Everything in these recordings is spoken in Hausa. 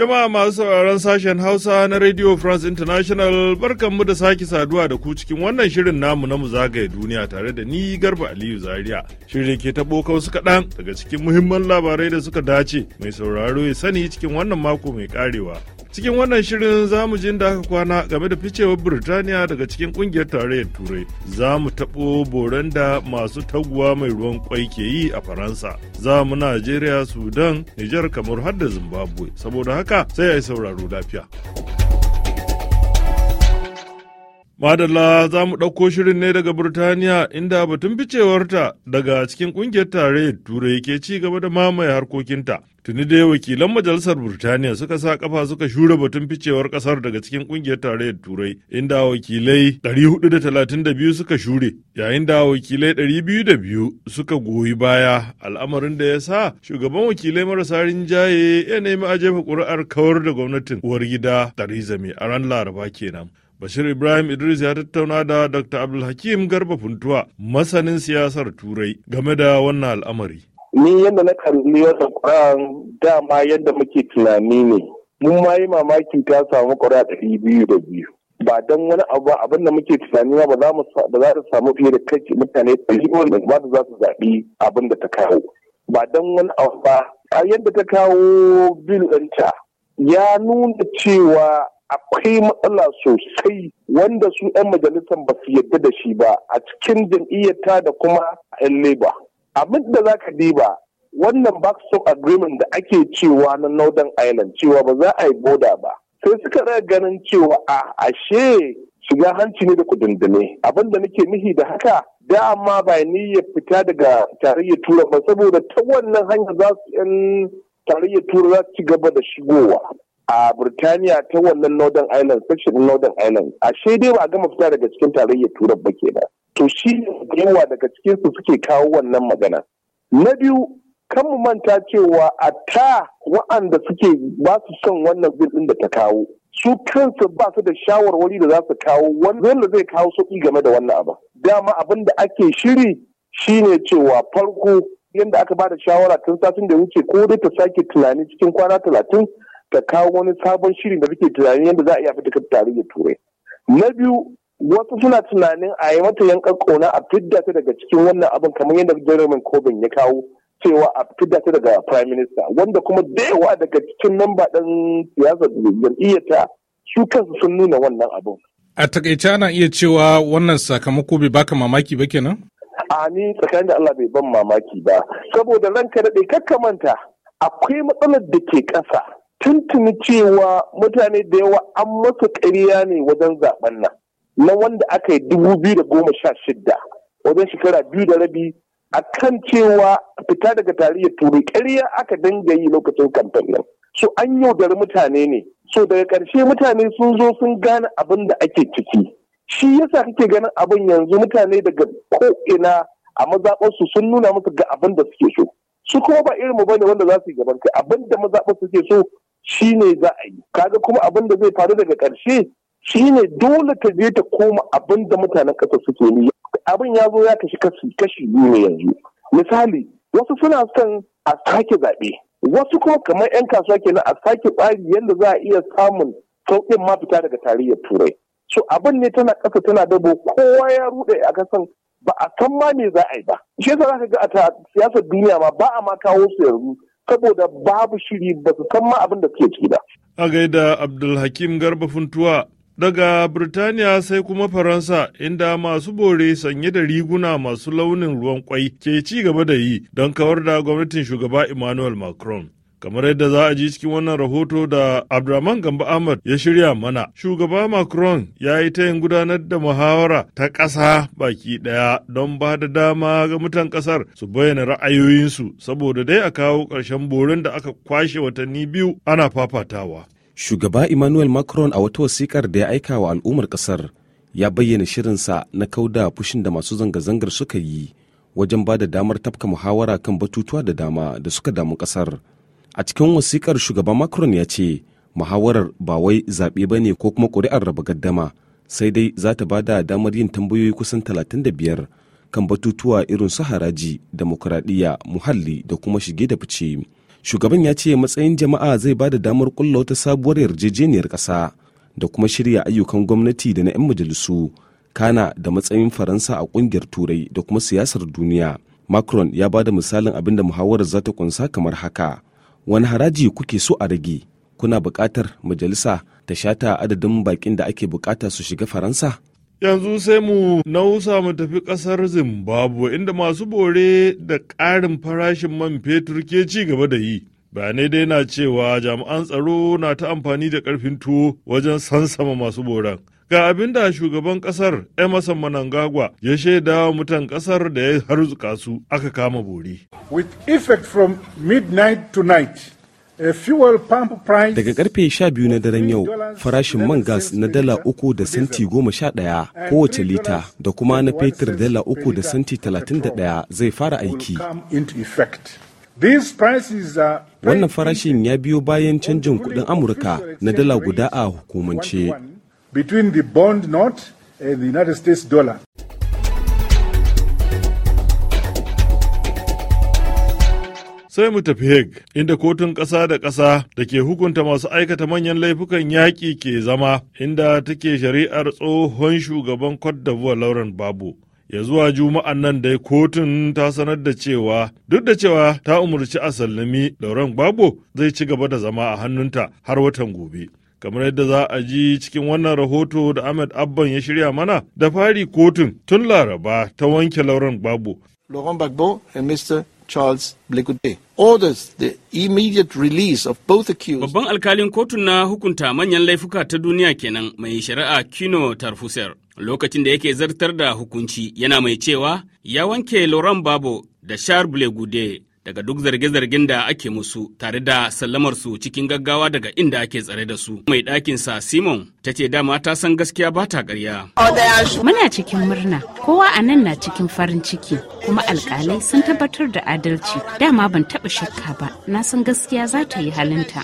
Jama'a masu sauraron sashen Hausa na Radio France International barkanmu da sake saduwa da ku cikin wannan shirin namu na zagaye duniya tare da ni Garba Aliyu Zaria. Shirin ke taɓo kausu kaɗan daga cikin muhimman labarai da suka dace mai sauraro ya sani cikin wannan mako mai karewa. Cikin wannan shirin za mu jin da aka kwana game da ficewar Birtaniya daga cikin kungiyar tarayyar Turai. Za mu taɓo boran da masu taguwa mai ruwan kwai ke yi a Faransa. Za mu Najeriya, Sudan, Nijar, kamar har da Zimbabwe. Saboda haka haka sai ya yi sauraro lafiya. Madalla za mu ɗauko shirin ne daga Burtaniya inda batun ficewarta daga cikin ƙungiyar tarayyar Turai ke ci gaba da mamaye harkokinta. Tuni dai wakilan majalisar Burtaniya suka sa kafa suka shura batun ficewar ƙasar daga cikin ƙungiyar tare Turai inda wakilai 432 suka shure yayin da wakilai 202 suka goyi baya al'amarin da ya sa shugaban wakilai marasa rinjaye ya nemi a jefa ƙuri'ar kawar da gwamnatin uwar gida Theresa May a ran Laraba kenan. Bashir Ibrahim Idris ya tattauna da Dr. Abdulhakim Garba Funtuwa, masanin siyasar Turai, game da wannan al'amari. Ni yadda na kalli wata Quran dama yadda muke tunani ne. Mun ma yi mamaki ta samu ƙura ɗari biyu da biyu. Ba don wani abu abin da muke tunani ba za mu samu fiye da kai mutane ɗari da ba za su zaɓi abin da ta kawo. Ba don wani abu ba. A yadda ta kawo bil ɗinta ya nuna cewa akwai matsala sosai wanda su 'yan majalisa ba su yadda da shi ba a cikin jam'iyyata da kuma 'yan leba. Abin da za ka diba wannan backstop agreement da ake cewa na Northern island cewa ba za a yi boda ba. Sai suka raya ganin cewa a ashe shiga hanci ne da kudindine. Abin da nake nihi da haka dama ba ya fita daga tarayyar tura ba saboda ta wannan hanya za su 'yan tarayyar tura za su ci gaba da shigowa. a Burtaniya ta wannan Northern Ireland section Northern Ireland ashe dai ba gama fita daga cikin tarayyar Turai ba kenan to shi yawa daga cikin su suke kawo wannan magana na biyu kan mu manta cewa a ta wa'anda suke ba su son wannan bil din da ta kawo su kansu ba su da shawarwari da za su kawo wanda zai kawo sauƙi game da wannan abu dama abin da ake shiri shine cewa farko yadda aka ba da shawara tun satin da wuce ko dai ta sake tunani cikin kwana talatin ta kawo wani sabon shirin da suke tunanin yadda za a iya fitakar da turai na biyu wasu suna tunanin a yi mata yankan kona a fidda ta daga cikin wannan abin kamar yadda jeremy corbyn ya kawo cewa a fidda ta daga prime minister wanda kuma da yawa daga cikin namba ɗan siyasar jam'iyyata su kansu sun nuna wannan abin a takaice ana iya cewa wannan sakamako bai baka mamaki ba kenan a ni tsakanin da Allah bai ban mamaki ba saboda ranka daɗe kakka manta akwai matsalar da ke ƙasa tuntuni cewa mutane da yawa an masa ƙarya ne wajen zaɓen nan na wanda aka yi dubu biyu da goma sha shida wajen shekara biyu da rabi a kan cewa fita daga tarihi turai ƙarya aka dinga yi lokacin kamfan nan so an yaudari mutane ne so daga ƙarshe mutane sun zo sun gane abin da ake ciki shi yasa kake ganin abin yanzu mutane daga ko'ina a mazaɓarsu sun nuna musu ga abin da suke so su kuma ba irin mu ne wanda za su yi gaban kai abin da mazaɓar suke so shi ne za a yi kaga kuma abin da zai faru daga ƙarshe shi ne dole ta je ta koma abin da mutanen ƙasa suke yi abin ya zo ya kashi kashi kashi biyu ne yanzu misali wasu suna son a sake zaɓe wasu kuma kamar 'yan kasuwa kenan a sake tsari yadda za a iya samun sauƙin ma fita daga tarayyar turai so abin ne tana ƙasa tana dabo kowa ya ruɗe a kasan ba a san ma me za a yi ba shi yasa za ka ga a siyasar duniya ma ba a ma kawo su yanzu saboda babu shiri ba su san ma abin da suke ciki ba. A gaida Abdulhakim Garba Funtuwa daga Birtaniya sai kuma Faransa inda masu bore sanye da riguna masu launin ruwan kwai ke ci gaba da yi don kawar da gwamnatin shugaba Emmanuel Macron. kamar yadda za a ji cikin wannan rahoto da abdulrahman gamba ahmad ya shirya mana shugaba macron ya yi tayin gudanar da muhawara ta ƙasa baki ɗaya don ba da dama ga mutan ƙasar su bayyana ra'ayoyinsu saboda dai a kawo ƙarshen borin da aka kwashe watanni biyu ana fafatawa shugaba emmanuel macron a wata wasikar da ya aika wa al'ummar ƙasar ya bayyana shirinsa na kauda fushin da masu zanga-zangar suka yi wajen ba da damar tafka muhawara kan batutuwa da dama da suka damu ƙasar a cikin wasikar shugaban macron ya ce muhawarar ba wai zaɓe ba ne ko kuma ƙuri'ar raba gaddama sai dai za ta ba da damar yin tambayoyi kusan 35 kan batutuwa irin su haraji demokuraɗiyya muhalli da kuma shige da fice shugaban ya ce matsayin jama'a zai ba da damar kulla wata sabuwar yarjejeniyar ƙasa da kuma shirya ayyukan gwamnati da na 'yan majalisu kana da matsayin faransa a ƙungiyar turai da kuma siyasar duniya macron ya ba da misalin abin da muhawarar za ta kunsa kamar haka wani haraji kuke so a rage kuna buƙatar majalisa ta shata adadin baƙin da ake buƙata su shiga faransa yanzu sai mu nausa mu tafi ƙasar zimbabwe inda masu bore da ƙarin farashin man fetur ke ci gaba da yi bayanai dai na cewa jami'an tsaro na ta amfani da karfin tuwo wajen sansama masu boran ga abin da shugaban kasar emerson manangagwa ya shaida wa mutan kasar da ya harzuka su aka kama bori with effect from midnight to night Daga karfe sha biyu na daren yau farashin man gas na dala uku da santi goma sha ɗaya kowace lita da kuma na fetur dala uku da santi talatin da ɗaya zai fara aiki. Wannan farashin ya biyo bayan canjin kuɗin Amurka na dala guda a hukumance. sai mu tafi Hague, inda kotun ƙasa da ƙasa da ke hukunta masu aikata manyan laifukan yaƙi ke zama, inda take shari'ar tsohon shugaban kwadda d'Ivoire lauren babu ya zuwa juma'an nan dai kotun ta sanar da cewa duk da cewa ta umarci a sallami lauren gbagbo zai ci gaba da zama a hannunta har watan gobe kamar yadda za a ji cikin wannan rahoto da ahmed abban ya shirya mana da fari kotun tun laraba ta wanke lauren gbagbo Laurent Gbagbo and Mr. Charles Blegude orders the immediate release of both accused. Babban alkalin kotun na hukunta manyan laifuka ta duniya kenan mai shari'a Kino Tarfuser. Lokacin da yake zartar da hukunci yana mai cewa ya wanke Laurent Babo da Charles Blegude daga duk zarge-zargen da ake musu tare da sallamar su cikin gaggawa daga inda ake tsare da su. Mai ɗakin sa Simon ta ce dama ta san gaskiya ba ta ƙarya. Muna cikin murna, kowa a nan na cikin farin ciki, kuma alƙalai sun tabbatar da adalci. Dama ban taɓa shakka ba, na san gaskiya za ta yi halinta.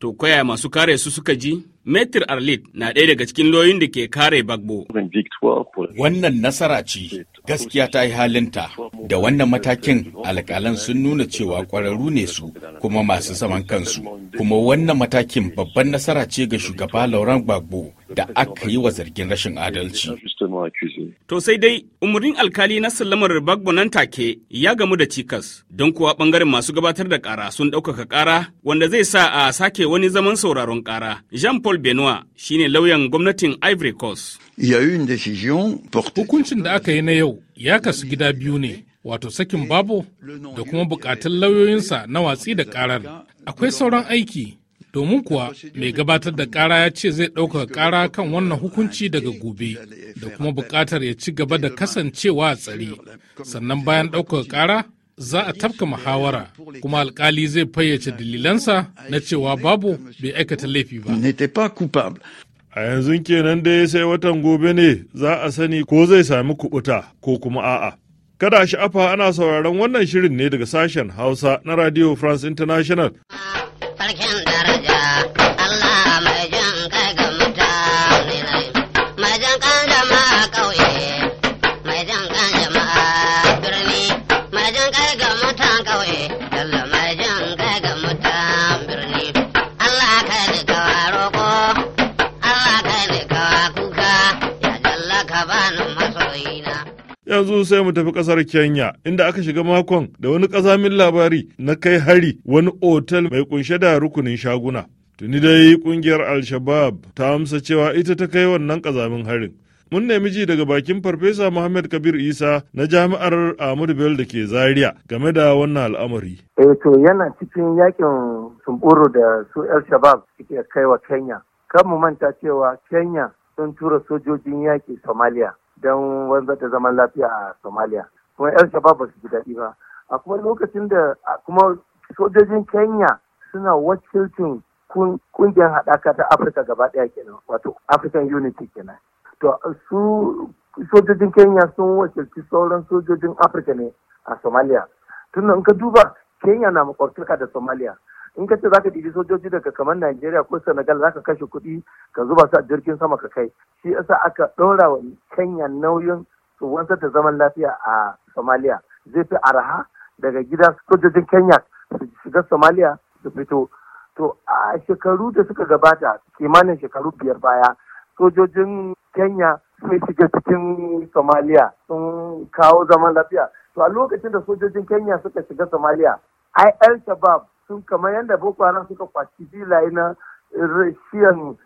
To koya masu kare su suka ji? Metir Arlit na ɗaya daga cikin loyin da ke kare Bagbo. Wannan nasara ce, gaskiya ta yi halinta. Da wannan matakin alƙalan sun nuna cewa ƙwararru ne su kuma masu zaman kansu. Kuma wannan matakin babban nasara ce ga shugaba lauran Gbagbo da aka yi wa zargin rashin adalci. To sai dai umarnin alkali na sallamar Bagbo nan take ya gamu da cikas don kuwa bangaren masu gabatar da kara sun ɗaukaka kara wanda zai sa a sake wani zaman sauraron kara. Jean-Paul Benoit shine lauyan gwamnatin Ivory Coast. Hukuncin da aka yi na yau ya kasu gida biyu ne. wato sakin babu da kuma bukatun lauyoyinsa na watsi da karar akwai sauran aiki domin kuwa mai gabatar da kara ya ce zai ɗauka kara kan wannan hukunci daga gobe da kuma buƙatar ya ci gaba da kasancewa a tsare sannan bayan ɗaukaka kara za a tafka muhawara kuma alkali zai fayyace dalilansa na cewa babu bai aikata laifi ba a yanzu kenan dai sai watan gobe ne za a sani ko zai sami kubuta ko kuma a'a kada shi afa ana sauraron wannan shirin ne daga sashen hausa na radio france international yanzu sai mu tafi kasar kenya inda aka shiga makon da wani kazamin labari na kai hari wani otal mai kunshe da rukunin shaguna tuni dai kungiyar al-shabab ta amsa cewa ita ta kai wannan kazamin harin mun nemi ji daga bakin farfesa Muhammad Kabir Isa na jami'ar Ahmadu Bello da ke Zaria game da wannan al'amari. Eh to yana cikin yakin sumburu da su al Shabab suke kai wa Kenya. Kan mu manta cewa Kenya sun tura sojojin yaƙi Somalia. don wanzar da zaman lafiya a Somalia. Kuma 'yan shaba ba su ji daɗi ba. A kuma lokacin da kuma sojojin Kenya suna wakilcin kungiyar haɗaka ta Afirka gaba ɗaya kenan wato African Unity kenan. To su sojojin Kenya sun wakilci sauran sojojin Afirka ne a Somalia. Tunan ka duba Kenya na makwabtaka da Somalia. in ka ce zaka ɗibi sojoji daga kamar Najeriya ko Senegal ka kashe kuɗi ka zuba su a jirgin sama ka kai shi yasa aka ɗora wa Kenya nauyin su wanzar da zaman lafiya a Somalia zai fi araha daga gida sojojin Kenya su shiga Somalia su fito to a shekaru da suka gabata kimanin shekaru biyar baya sojojin Kenya sun shiga cikin Somalia sun kawo zaman lafiya to a lokacin da sojojin Kenya suka shiga Somalia ai al Shabab sun kamar yadda boko haram suka kwaci filaye na shiyan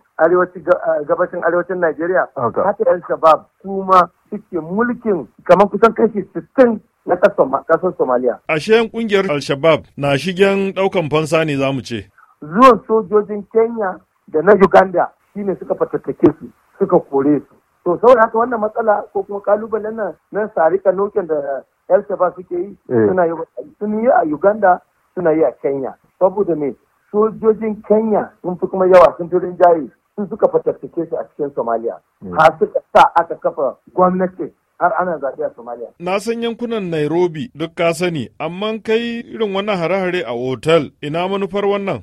gabashin arewacin Najeriya haka yan shabab su suke mulkin kamar kusan kashi sittin na kasar Somalia. Ashe yan kungiyar al na shigen daukan fansa ne za mu ce. Zuwan sojojin Kenya da na Uganda shine suka fatattake su suka kore su. To saboda haka wannan matsala ko kuma kalubalen nan na sarika nokin da El Shabab suke yi eh. suna yi a Uganda suna yi a kenya saboda me sojojin kenya sun fi kuma yawa sun fi rinjaye sun suka fatattake su a cikin somalia hmm. har suka sa aka kafa gwamnati har ana zaɓe a Somalia. Na san yankunan Nairobi duk ka sani, amma kai irin wannan hare-hare a hotel ina manufar wannan?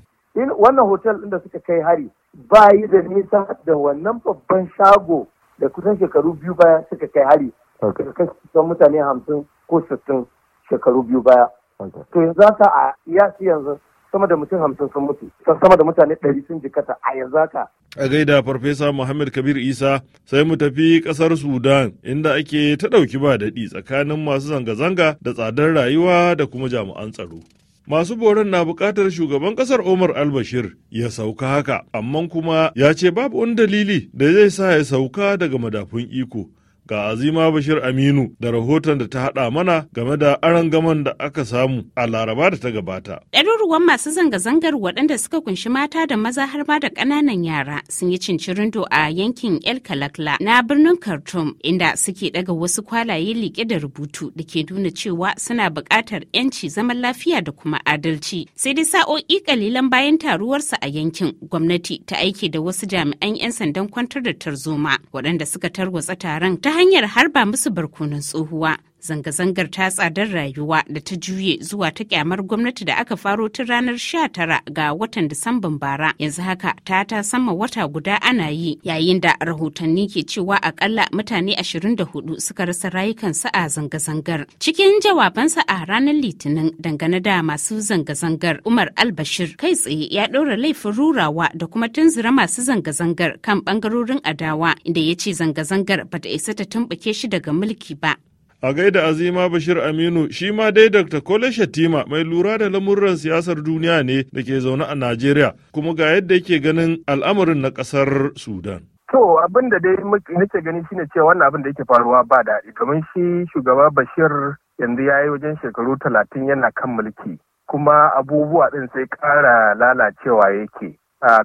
Wannan hotel ɗin da suka kai hari ba yi da nisa da wannan babban shago da kusan shekaru biyu baya suka kai hari. kusan mutane hamsin ko sittin shekaru biyu baya. to yanzu haka a yasi yanzu sama da mutum hamsin sun mutu sama da mutane ɗari sun jikata a yanzu haka a gaida farfesa Muhammad Kabir Isa sai mu tafi ƙasar Sudan inda ake ta ɗauki ba daɗi tsakanin masu zanga-zanga da tsadar rayuwa da kuma jami'an tsaro. Masu boron na buƙatar shugaban ƙasar Omar al-Bashir ya sauka haka, amma kuma ya ce babu wani dalili da zai sa ya sauka daga madafun iko. Ga Azima Bashir Aminu da rahoton da ta hada mana game da arangaman da aka samu a Laraba da ta gabata. Ɗaruruwan masu zanga-zangar waɗanda suka kunshi mata da maza har ma da ƙananan yara sun yi cincirin a yankin El Kalakla na birnin Khartoum inda suke daga wasu kwalaye liƙe da rubutu da ke nuna cewa suna buƙatar 'yanci zaman lafiya da kuma adalci. Sai dai sa'o'i ƙalilan bayan taruwarsa a yankin gwamnati ta aiki da wasu jami'an 'yan sandan kwantar da tarzoma waɗanda suka tarwatsa taron ta ta hanyar harba musu barkonon tsohuwa zanga-zangar ta tsadar rayuwa da ta juye zuwa ta kyamar gwamnati da aka faro tun ranar 19 ga watan Disamban bara yanzu haka ta ta sama wata guda ana yi yayin da rahotanni ke cewa akalla mutane 24 suka rasa rayukansu a zanga-zangar. Cikin jawabansa a ranar Litinin dangane da masu zanga-zangar Umar Albashir kai tsaye ya ɗora laifin rurawa da kuma tunzura masu zanga-zangar kan ɓangarorin adawa inda ya ce zanga-zangar bata isa ta tumɓuke shi daga mulki ba. A gaida Azima Bashir Aminu shi ma dai Dr. Kole Shatima mai lura da lamuran siyasar duniya ne da ke zaune a Najeriya kuma ga yadda yake ganin al'amarin na kasar Sudan. To abin da dai nake gani shine cewa wannan abin da yake faruwa ba daɗi domin shi shugaba Bashir yanzu ya yi wajen shekaru talatin yana kan mulki kuma abubuwa ɗin sai kara lalacewa yake.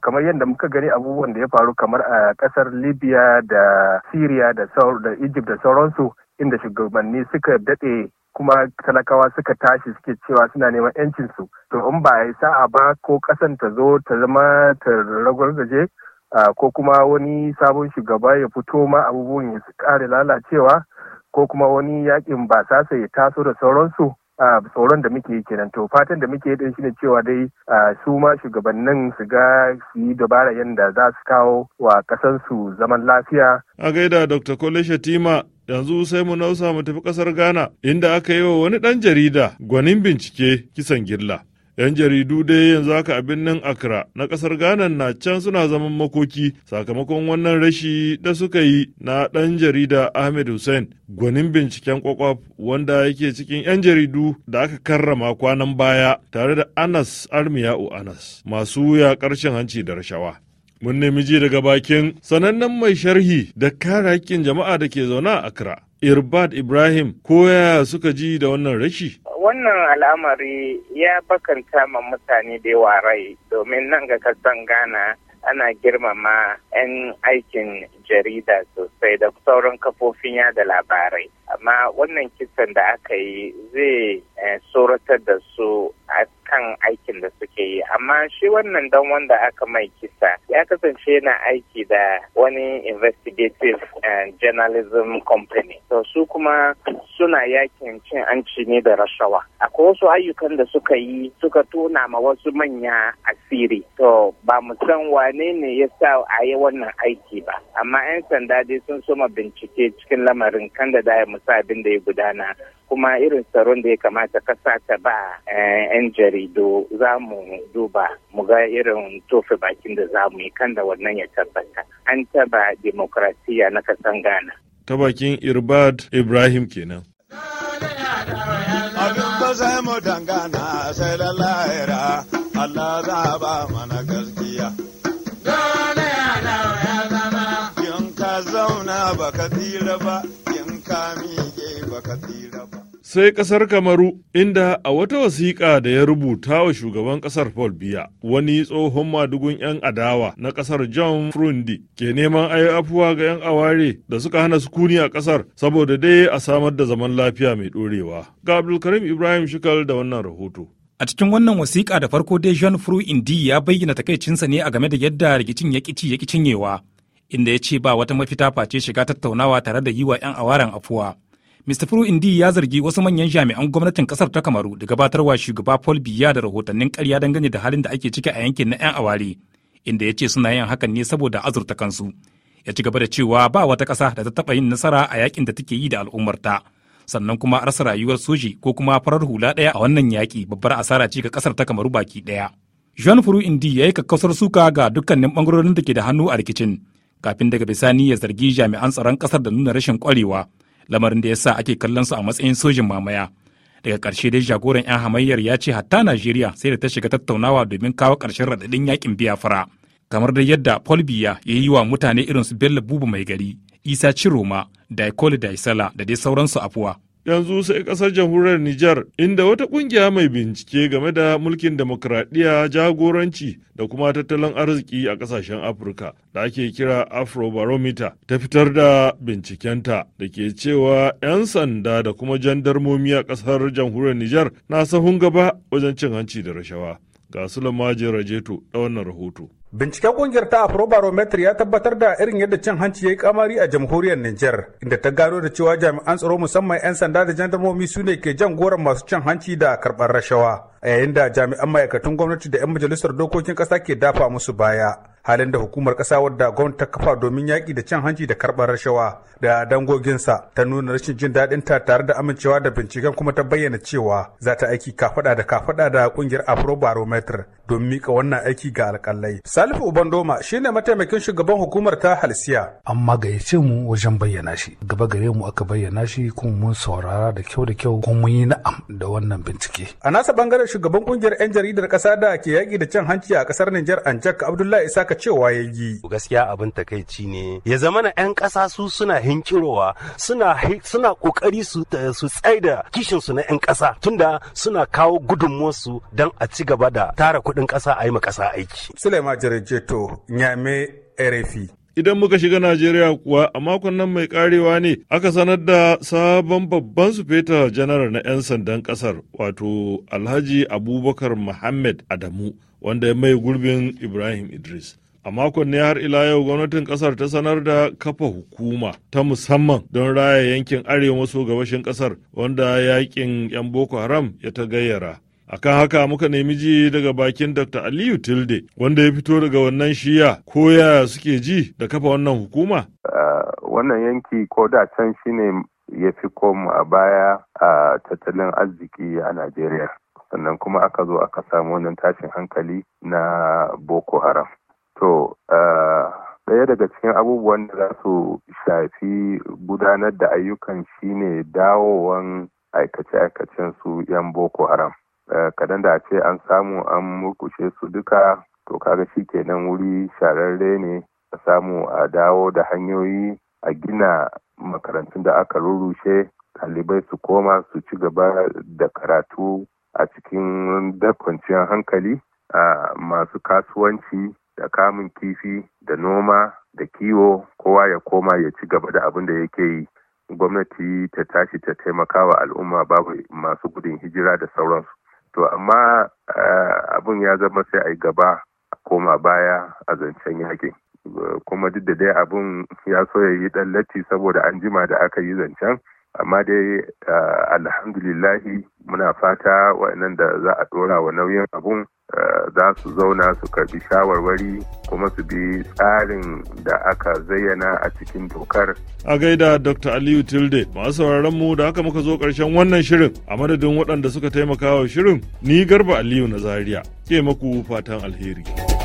kamar yadda muka gani abubuwan da ya faru kamar a ƙasar Libya da Syria da Egypt da sauransu inda shugabanni suka daɗe kuma talakawa suka tashi suke cewa suna neman yancinsu to in ba a yi sa'a ba ko ƙasan ta zo ta zama ta gaje, ko kuma wani sabon shugaba ya fito ma abubuwan ya su ƙara lalacewa ko kuma wani yaƙin ba sasa ya taso da sauransu tsoron da muke kenan to fatan da muke yi shine cewa dai su ma shugabannin su ga su yi dabara yadda za su kawo wa kasansu zaman lafiya a gaida dr kole shatima yanzu sai mu nausa mu tafi kasar ghana inda aka yi wa wani ɗan jarida gwanin bincike kisan gilla 'Yan jaridu dai yanzu haka abin nan akra na ƙasar Ghana na can suna zaman makoki sakamakon wannan rashi da suka yi na ɗan jarida Ahmed Hussein gwanin binciken kwakwaf wanda yake cikin 'yan jaridu da aka karrama kwanan baya tare da Anas Armiyau Anas masu ya ƙarshen hanci da rashawa. Mun nemi ji daga bakin sanannen mai sharhi da kare hakkin jama'a da ke zaune a Accra. Irbad Ibrahim ko yaya suka ji da wannan rashi? wannan al'amari ya bakanta ma mutane da yawa rai domin nan ga kasan Ghana ana girmama 'yan aikin jarida sosai da sauran kafofin yada labarai. Amma wannan kisan da aka yi zai eh, tsoratar da su kan aikin da suke yi amma shi wannan dan wanda aka mai kisa ya kasance yana aiki da wani investigative journalism company to su kuma suna yakin cin anci ne da rashawa akwai wasu ayyukan da suka yi suka tona ma wasu manya asiri to ba mu san wane ne ya sa a yi wannan aiki ba amma 'yan sanda dai sun soma bincike cikin lamarin kan da da ya musa abin da ya gudana kuma irin tsaron da ya kamata kasa ta ba eh, 'yan jaridu za mu duba mu ga irin tofe bakin da za mu yi kan da wannan ya tabbata an taba demokrasiya na kasan ghana ta bakin irbad ibrahim kenan allah za ba mu sai kasar kamaru inda a wata wasiƙa da ya rubuta wa shugaban kasar paul biya wani tsohon madugun 'yan adawa na kasar john frundi ke neman yi afuwa ga 'yan aware da suka hana sukuni a kasar saboda dai a samar da zaman lafiya mai ɗorewa ga abdulkarim ibrahim shikal da wannan rahoto A cikin wannan wasiƙa da farko dai Jean Fru Indi ya bayyana takaicinsa ne a game da yadda rikicin ya kici ya cinyewa, inda ya ce ba wata mafita face shiga tattaunawa tare da yi wa 'yan awaren afuwa. Mr. Furu Indi ya zargi wasu manyan jami'an gwamnatin kasar ta Kamaru da gabatarwa shugaba Paul Biya da rahotannin karya dangane da halin da ake ciki a yankin na 'yan aware, inda ya ce suna yin hakan ne saboda azurta kansu. Ya ci gaba da cewa ba wata ƙasa da ta taɓa yin nasara a yakin da take yi da al'ummarta. Sannan kuma rasa rayuwar soji ko kuma farar hula ɗaya a wannan yaƙi babbar asara ce ga ƙasar ta Kamaru baki ɗaya. Jean Furu Indi ya yi kakkausar suka ga dukkanin ɓangarorin da ke da hannu a rikicin, kafin daga bisani ya zargi jami'an tsaron ƙasar da nuna rashin ƙwarewa. lamarin da ya sa ake kallon su a matsayin sojin mamaya daga ƙarshe dai jagoran 'yan hamayyar ya ce hatta najeriya sai da ta shiga tattaunawa domin kawo ƙarshen raɗaɗin yaƙin biafra kamar da yadda paul biya ya yi wa mutane irin su bello bubu mai gari isa ciroma daikoli daisala da dai sauransu afuwa yanzu sai kasar jamhuriyar Nijar inda wata kungiya mai bincike game da mulkin demokradiyya jagoranci da kuma tattalin arziki a kasashen Afirka da ake kira Afrobarometer ta fitar da bincikenta da ke cewa 'yan sanda da kuma jandarmomi a kasar jamhuriyar Nijar na sahun gaba wajen cin hanci da rashawa. Ga Sulaiman Rajeto da wannan rahoto. Binciken kungiyar ta Afrobarometer ya tabbatar da irin yadda cin hanci ya yi kamari a jamhuriyar Nijar, inda ta gano da cewa jami'an tsaro musamman 'yan sanda da jandarmomi su ne ke jan goron masu cin hanci da karɓar rashawa. a yayin da jami'an ma'aikatan gwamnati da 'yan majalisar dokokin ƙasa ke dafa musu baya halin da hukumar kasa wadda gwamnati ta kafa domin yaƙi da cin hanci da karɓar rashawa da dangoginsa ta nuna rashin jin daɗin ta tare da amincewa da binciken kuma ta bayyana cewa za ta aiki kafaɗa da kafaɗa da ƙungiyar afrobarometer don mika wannan aiki ga alƙalai. Salifu Ubandoma shine mataimakin shugaban hukumar ta Halsiya. An gayyace mu wajen bayyana shi. Gaba gare mu aka bayyana shi kuma mun saurara da kyau da kyau kuma mun yi na'am da wannan bincike. A nasa bangaren shugaban kungiyar 'yan jaridar kasa da ke yaƙi da cin hanci a kasar Nijar Anjak Abdullahi Isaka cewa ya yi. Gaskiya abin takaici ne ya zama na 'yan ƙasa su suna hinkirowa suna suna ƙoƙari su su tsaida kishin su na 'yan ƙasa tunda suna kawo gudunmuwarsu don a ci gaba da tara kuɗin ƙasa a yi ma ƙasa aiki. Sulaiman Jarejeto, Nyame, RFI. Idan muka shiga Najeriya kuwa a makon nan mai karewa ne aka sanar da sabon babban sufeta janar na 'yan sandan kasar wato Alhaji Abubakar Muhammad Adamu wanda ya mai gurbin Ibrahim Idris. A makon ne har ila yau gwamnatin kasar ta sanar da kafa hukuma ta musamman don raya yankin arewa maso gabashin kasar wanda yakin 'yan Boko Haram ya ta gayyara. a kan haka muka nemi ji daga bakin Dr. Aliyu Tilde wanda ya fito daga wannan shiya ko ya suke ji da kafa wannan hukuma? wannan yanki ko da can shine ya fi koma a baya a tattalin arziki a Najeriya. Sannan kuma aka zo aka samu wannan tashin hankali na Boko Haram. To, daya daga cikin abubuwan da za su shafi gudanar da ayyukan shine dawowan aikace-aikacen su 'yan Boko Haram. Eh, kadan da a ce an samu an murkushe su duka to kaga shi kenan wuri shararre ne a samu a dawo da hanyoyi a gina makarantun da aka rurushe ɗalibai su koma su ci gaba da karatu a cikin dakwanciyar hankali a masu kasuwanci da kamun kifi da noma da kiwo kowa ya koma ya ci gaba da abin da yake yi gwamnati ta tashi ta taimakawa al'umma babu masu gudun hijira da sauransu to amma eh, abun ya zama sai a yi gaba a koma baya a zancen yakin kuma duk da dai abun ya so ya yi dan saboda an jima da aka yi zancen amma dai eh, alhamdulillahi muna fata waɗannan da za a ɗora wa nauyin abun Eh, za su zauna su karbi shawarwari kuma su bi tsarin da aka zayyana a cikin dokar. A gaida Dr. Aliyu Tilde masu sauraron mu da haka muka zo ƙarshen wannan shirin a madadin waɗanda suka taimaka wa shirin ni Garba Aliyu na Zaria ke maku fatan alheri.